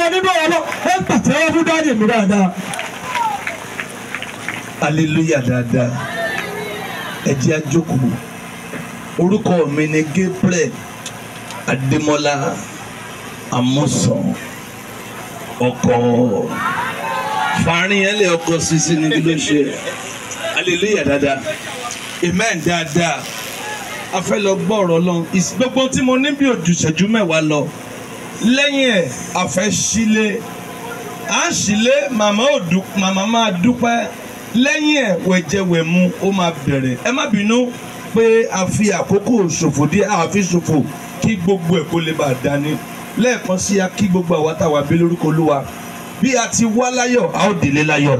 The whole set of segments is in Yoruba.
lọ nínú ọ̀rọ̀ ẹ pàtẹ́wọ́ fún dáàdì mi dáadáa. hallelujah dáadáa ẹ jẹ́ àjókòó orúkọ mi ni Gabriel Adémọ́lá Àmúsàn ọkọ fàárín yẹn lè ọkọ sísí ni ló ṣe hallelujah dáadáa amen dáadáa a fẹ́ lọ gbọ́ ọ̀rọ̀ lọ gbogbo tí mo ní bí òjùṣẹ́jú mẹ́wàá lọ lẹ́yìn ẹ̀ àfẹ́sílẹ̀ à ń sílẹ̀ màmá máa dúpẹ́ lẹ́yìn ẹ̀ wẹ̀jẹ̀wẹ̀mu ó máa bẹ̀rẹ̀ ẹ má bínú pé a fi àkókò ṣòfò dé àfi ṣòfò kí gbogbo ẹ̀ kó lè bá a dání lẹ́ẹ̀kan sí a kí gbogbo àwa táwa bí lórúkọ olúwa bí a ti wá láyọ̀ a ó délé láyọ̀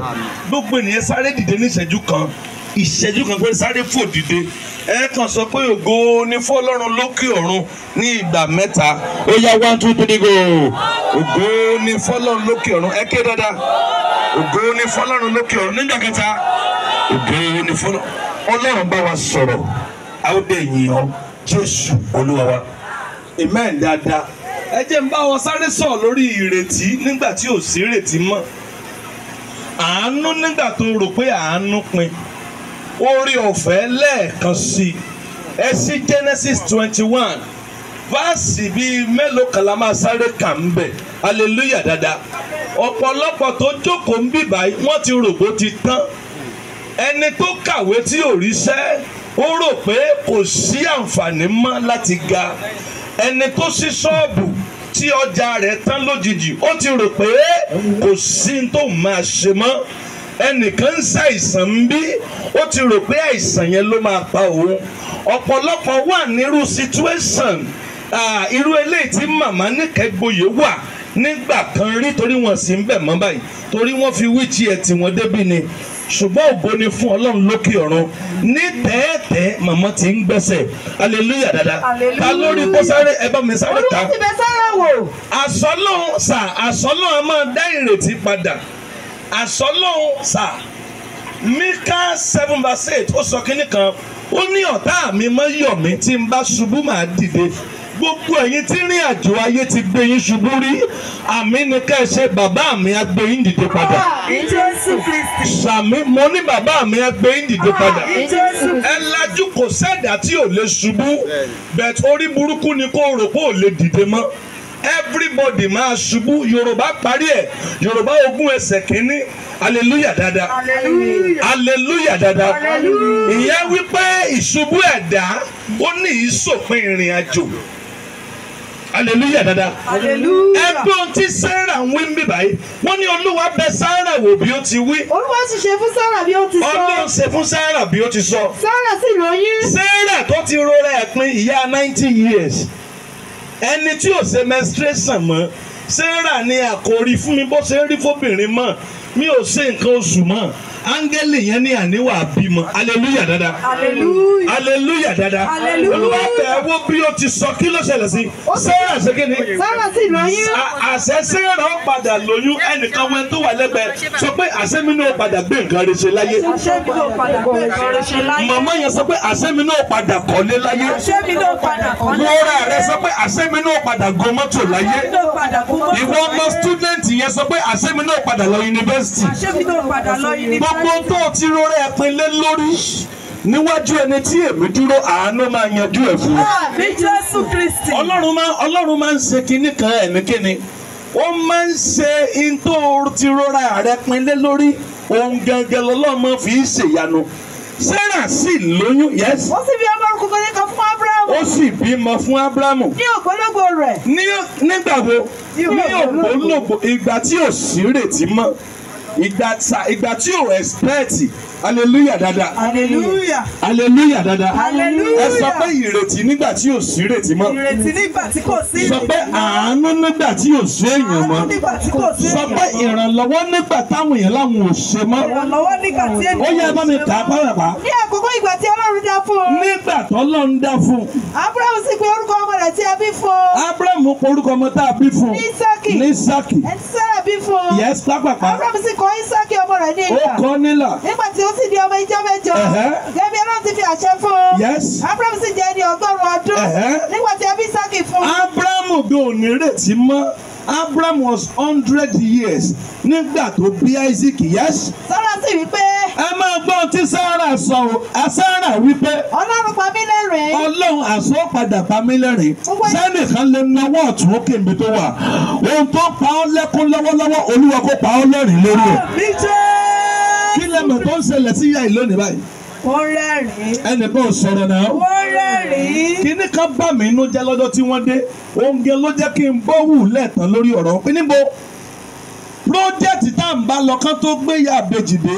gbogbo ènìyàn sáré dìde ní ìṣẹ́jú kan ìṣẹ́jú kan pé sáré fò dìde ẹ kàn sọ pé ògo ni fọ́lọ́run lókè ọ̀run ní ìgbà mẹ́ta ó yá one two three go ògo ni fọ́lọ́run lókè ọ̀run ẹ ké dáadáa ògo ni fọ́lọ́run lókè ọ̀run nígbà kẹta ògo ni fọ́lọ́run ọlọ́run bá wa sọ̀rọ̀ àwòdè ènìyàn jésù olúwa wa amen dada ẹ jẹ́ n bá wọn sáré sọ̀ lórí ìrètí nígbà tí ò sí ìrètí mọ́ àánú nígbà tó rò pé àánú pin orí ọ̀fẹ́ lẹ́ẹ̀kan sí ẹ sí Genesis twenty one fáàsì bíi mélòó kan la máa sáré kà ń bẹ̀ hallelujah dáadáa ọ̀pọ̀lọpọ̀ tó jókòó ń bìbà wọ́n ti rò bó ti tán ẹni tó kàwé tí ò ríṣẹ́ ó rò pé kò sí àǹfààní mọ́ láti ga ẹni tó ṣí ṣọ́ọ̀bù tí ọjà rẹ̀ tán lójijì ó ti rò pé kò sí tó máa ṣe mọ́ ẹnìkan ń ṣàìsàn ń bí ó ti rò pé àìsàn yẹn ló máa pa òun ọ̀pọ̀lọpọ̀ wà nírú situation irú eléyìí tí màmá nìkẹ́gboyè wà nígbà kan rí torí wọn sì ń bẹ̀ mọ́ báyìí torí wọ́n fi wíìchì ẹ̀ tí wọ́n débí ni ṣùgbọ́n ògo ni fún ọlọ́run lókè ọ̀run ní tẹ́ẹ̀tẹ́ màmá ti ń gbẹ́sẹ̀ aleluya dada ta lórí kó sáré ẹ bá mi sáré ta asọ́lọ́ sà asọ́lọ́ a máa dá ìrètí padà àsọlọ́hún sa Míkà seven verse eight ó sọ kínní kan ó ní ọ̀tá mi mọ́ yọ̀ mí tí n bá ṣubú màá dìde gbogbo ẹ̀yin tí rìn àjò ayé ti gbé yín ṣubú rí àmì ni ká ẹ ṣe bàbá mi á gbé yín dìde padà. sàmì mo ní bàbá mi á gbé yín dìde padà. ẹ lajú kò sẹ́dá tí ò lè ṣubú bẹ̀t orí burúkú ni kó rò pé ò lè dìde mọ́ everybody máa ṣubú yorùbá parí ẹ̀ yorùbá ogún ẹsẹ̀ kínní aleluya dada aleluya dada ìyẹn wípé ìṣubú ẹ̀dá ó ní ìsòpin ìrìn àjò aleluya dada ẹgbọn tí sarah ń wí ń bíbá yìí wọ́n ní olúwa bẹ̀ sarah wò bí ó ti wí. olúwa sì ṣe fún sarah bí ó ti sọ. ọlọ́run ṣe fún sarah bí ó ti sọ. sarah sì lóyún. sarah tó ti rora ẹ̀pin ìyá ninety years ẹni tí ò ṣe menstruation mọ́ Sarah ni àkòrí fún mi bó ṣe ń rí fóbìnrin mọ́ mi ò ṣe nǹkan oṣù mọ́ Angeli yẹn ní àníwá bímọ aleluya dada aleluya dada olúwa tẹ ẹ wo bí o ti sọ kí ló ṣẹlẹ̀ sí sarah ṣe kí ni àṣẹ sarah padà lóyún ẹnìkan wọn tó wà lẹ́gbẹ̀ẹ́ sọ pé àṣẹ mi náà padà gbé nǹkan rẹ̀ ṣe láyé màmá yẹn sọ pé àṣẹ mi náà padà kọ́lé láyé wúrà rẹ sọ pé àṣẹ mi náà padà go láyé ìwọ ọmọ student yẹn sọ pé àṣẹ mi náà padà lọ yunifásitì gbogbo tó ti rọrẹ́ ẹ̀pin lé lórí níwájú ẹni tí èmi dúró àánú máa yanjú ẹ̀ fún un. àmì ah, jésù kristi. ọlọ́run máa ọlọ́run máa ń ṣe kinní kan ẹ̀míkíni ó máa ń ṣe ntó ti rọra rẹ pinlé lórí ohun gangan lọ́lọ́mọ fi í ṣèyanu sarah sì lóyún yes. ó sì bí ọmọ ọkùnrin kan fún abrahamu. ó sì bímọ fún abrahamu. ní ògbólógbò rẹ̀. nígbà wo ní ògbólógbò ìgbà tí ò sí rètí mọ́ ìgbà tí ò expect hallelujah dada hallelujah hallelujah dada hallelujah ẹ sọ pé ìrètí nígbà tí ò sí ìrètí mọ́ ìrètí nígbà tí kò sí ìrètí mọ́ sọ pé àánú nígbà tí ò sí èèyàn mọ́ sọ pé ìrànlọ́wọ́ nígbà táwọn èèyàn làwọn ò ṣe mọ́ ìrànlọ́wọ́ nígbà tí èèyàn ò ṣe mọ́ ó yẹ bá mi kà á pàrọ̀pá. ní àkókò ìgbà tí ọlọ́run dá fún un. nígbà tó ọlọ́run dá fún un. abrahamu sì pe orúkọ ọmọ rẹ̀ tí a bí fún un. abrahamu orúkọ ọmọ tá a bí fún ní sákì ní sákì. ẹ ti mẹ́jọ sì di ọmọ ìjọ mẹ́jọ. Gẹ́gẹ́ Ọlọ́run ti fi àṣẹ fún Abrahamu sì jẹ́ ẹni ọgọ́rùn-ún ọdún. Nígbà tí ẹbí Ísáàkì fún Abrahamu bí ò ní retí mọ́. Abraham was hundred years nígbà tó bí Isaac yes. Sárà sì wípé. Ẹ máa gbọ́ tí Sárà sọ o, Sárà wípé. Ọlọ́run pa mí lẹ́rìn. Ọlọ́run àsọ padà pa mí lẹ́rìn. Sẹ́nìkan lè nawọ́ ọ̀tún òkè mi tó wà. Ohun tó pa ọ́ lẹ́kún lọ́wọ́lọ́wọ́ Olúwa kó pa ọ́ lẹ́rìn lórí ẹ̀. Níjẹ́. Ah, àmọ̀ tó ń ṣẹlẹ̀ sí ìyá ìlú òní báyìí. wọ́n rẹ́rìn-ín. ẹnìkan ò sọ̀rọ̀ náà. wọ́n rẹ́rìn-ín. kíní kan bá mi inú jẹ́ lọ́jọ́ tí wọ́n dé oúnjẹ ló jẹ́ kí n bọ́ wù lẹ́ẹ̀tàn lórí ọ̀rọ̀ pé níbo pírójẹ́tì tá à ń bá lọ kán tó gbé ya àbejì dé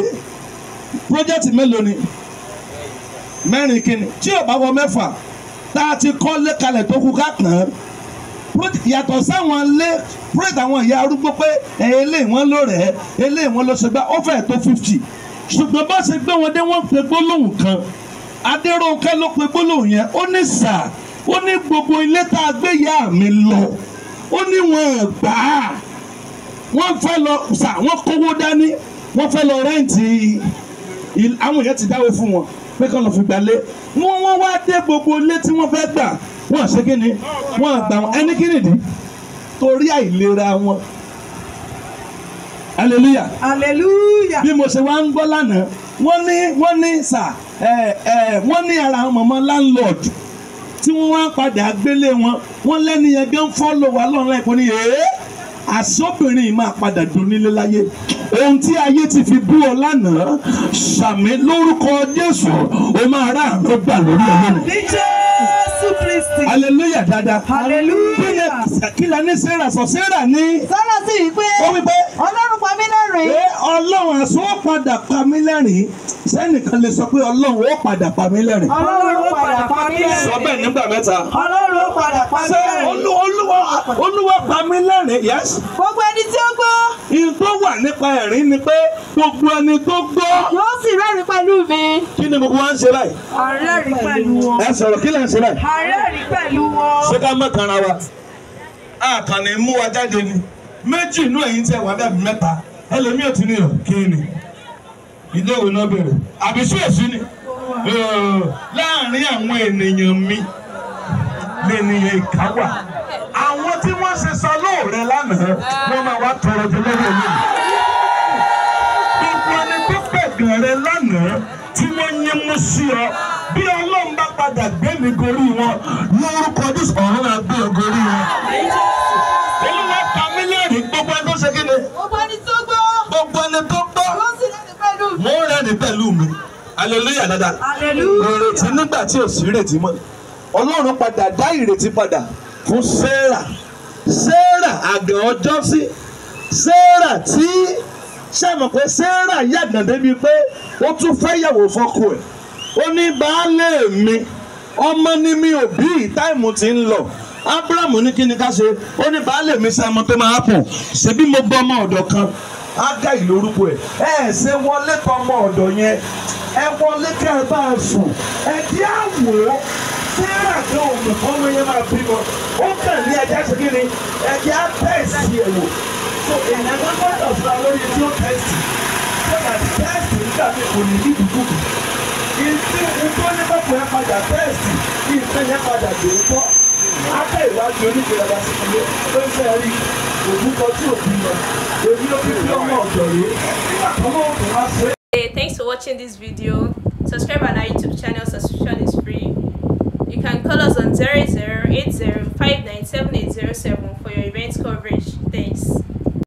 pírójẹ́tì mélòó ni mẹ́rin kíni tí ò bá wọ mẹ́fà tá a ti kọ́ lé kalẹ̀ tó kú ká yàtọ̀ sáwọn lé pírẹ́tì àwọn ìyá arúgbó pé ẹ̀yẹ eléyìí wọ́n ló rẹ̀ ẹ́ eléyìí wọ́n ló ó fẹ́ẹ̀ tó fifty ṣùgbọ́n bá ṣe gbé wọn dé wọ́n pe gbólóhùn kan adéròǹkẹ́ ló pe gbólóhùn yẹn ó ní sà ó ní gbogbo ilé tá a gbé ìyá mi lọ ó ní wọn gbà á wọ́n fẹ́ lọ sà wọ́n kówó dání wọ́n fẹ́ lọ rẹ́ǹtì àwọn èèyàn ti dáwó fún wọn pé kán lọ fi gbalé wọ́n wọ́n wá dé gbogbo ilé tí wọ́n fẹ́ gbà wọ́n ṣe kí ni wọ́n gbà wọn ẹni kí nìdí torí àìlera wọn hallelujah hallelujah bí mo ṣe wá ń gbọ́ lánàá wọ́n ní wọ́n ní sà wọ́n ní ara àwọn mọ̀mọ́ landlord tí wọ́n wá padà gbélé wọn wọ́n lẹ́nu yẹn gán fọ́lọ̀ wà lọ́run láìpẹ́ ní yèé àsọ́bìnrin máa padà donílé láyé ohun tí ayé ti fi bú ọ lánàá sàmì lórúkọ Jésù O máa rà àánú gbà lórí ọmọ rẹ. Jésù Kristi. Aleluya dada. Aleluya. Kí ni Sarah sọ? Sarah ní. Sarah sì wí pé. Ó wí pé. Ọlọ́run pa mí lẹ́rìn. pé ọlọ́run ẹ̀sùn ó padà pa mí lẹ́rìn sẹ́nìkan lè sọ pé ọlọ́run ó padà pa mí lẹ́rìn. ọlọ́run ó padà pa mí lẹ́rìn. sọ bẹ́ẹ̀ nígbà mẹ́ta. ọlọ́run ó padà pa mí lẹ́rìn. ṣé olúwa olúwa pa mí lẹ́rìn yes. gbogbo ẹni tí ó gbọ́. ihun tó wà nípa ẹ̀rín ni pé gbogbo ẹni tó gbọ́. yóò sì rẹ́rìn pẹ̀lú mi. kí ni gbogbo wa ń ṣe báyìí. àrẹ́rìn pẹ̀lú wọn. ẹ sọ̀rọ̀ kí lẹ ń ṣe báyìí. àrẹ́rìn pẹ̀lú wọn. ṣé ká mọ̀ kanra wa? àkànnì mú wa jáde ni méjì inú ẹ̀yin tẹ wà dàbí mẹ́ta ẹlòmíì ò ti ní ọ kí ni ilé náà bẹ̀rẹ̀ àbí sí ni láàrin àwọn ènìyàn mi lènìyàn ìka wà àwọn tí wọ́n ṣe sọ lóore lánàá wọ́n máa wá tọrọ ju lọ́wọ́ mi gbogbo ẹni tó pẹ̀gàn rẹ lánàá tí wọ́n yín mú sí ọ bí ọlọ́run bá padà gbé mi gorí wọn lórúkọ jésù ọ̀run àgbẹ̀ gorí wọn gbogbo ẹni tó gbọ́. gbogbo ẹni tó gbọ́. wọ́n sì rẹ́ni pẹ̀lú mi. mo rẹ́ni pẹ̀lú mi aleluya dada. aleluya. ìrètí nígbà tí ò sí ìrètí mọ́ ọlọ́run padà dá ìrètí padà fún sarah sarah àgàn ọjọ́ sí sarah tí sẹ́mọ̀ pé sarah yàgàn débi pé ó tún fẹ́yàwó fọ́kù ẹ̀ ó ní baálé mi ọmọ ni mi ò bí táìmù ti ń lọ Abraham ní kí ni ká ṣe ó ní baálé mi ṣe ọmọ tó máa pọ̀ ṣebí mo gbọ́ ọmọ ọ̀dọ̀ kan ágáì lórúkọ ẹ̀ ẹ ṣe wọlé tọ ọmọ ọ̀dọ̀ yẹn ẹ wọlé kẹ́ ẹ bá ẹ sùn ẹ dí àwò sarah kan òmù ọmọ yẹn máa bí wọn ó kàn ní ẹja kí ni ẹja tẹ̀sí ẹ̀ wò so èèyàn náà gbọ́dọ̀ fún wa lórí tí ó tẹ̀sí so that tẹ̀sí nígbà mi kò ní ní ìdúkùkù ìdí ìdúró ní bọ́ọ̀bù yẹn padà tẹ̀sí ìdí ìdúró yẹn padà dé tọ́ afẹ́ ìwádìí onígbèrèdà sí ilé ń fẹ́ rí òkúkọ tí òbí lọ èmi ló fi fi ọmọ ọ̀dọ̀ yìí ọmọ òkun wá sí. Hey, thanks for watching this video. Subscribe on our YouTube channel, subscription is free. You can call us on zero zero zero zero eight eight five nine seven seven for your event coverage. Thanks.